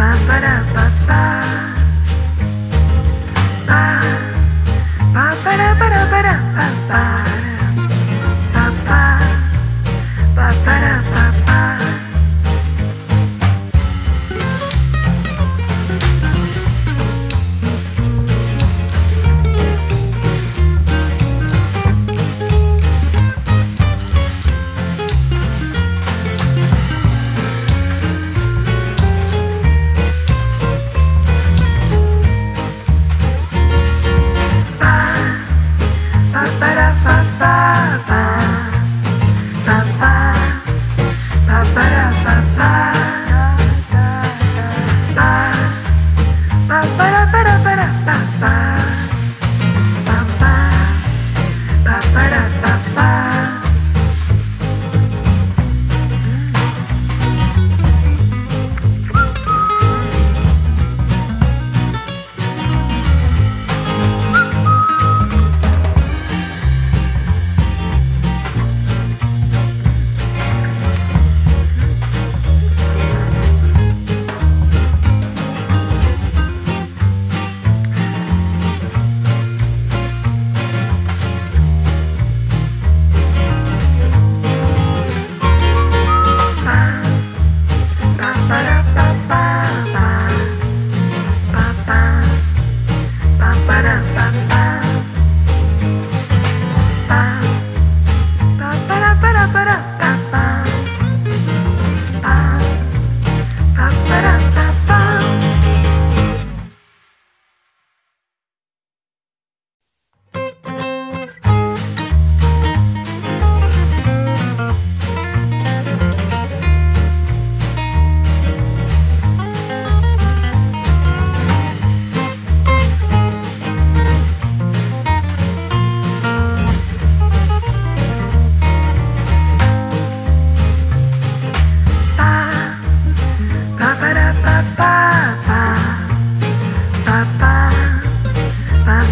Ba ba ba ba. Ba ba ba ba ba ba ba. da Ba ba para, ba. ba ba ba da ba da ba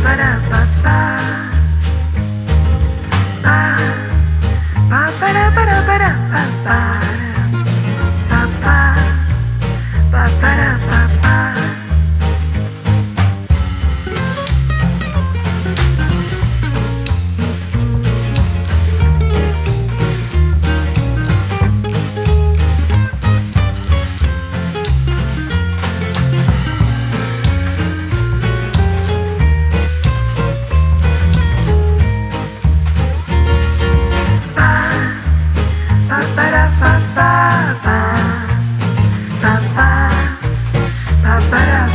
ba ba ba ba ba ba ba ba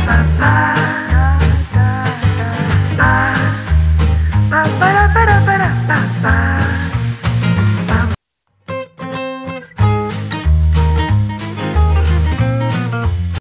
Bye.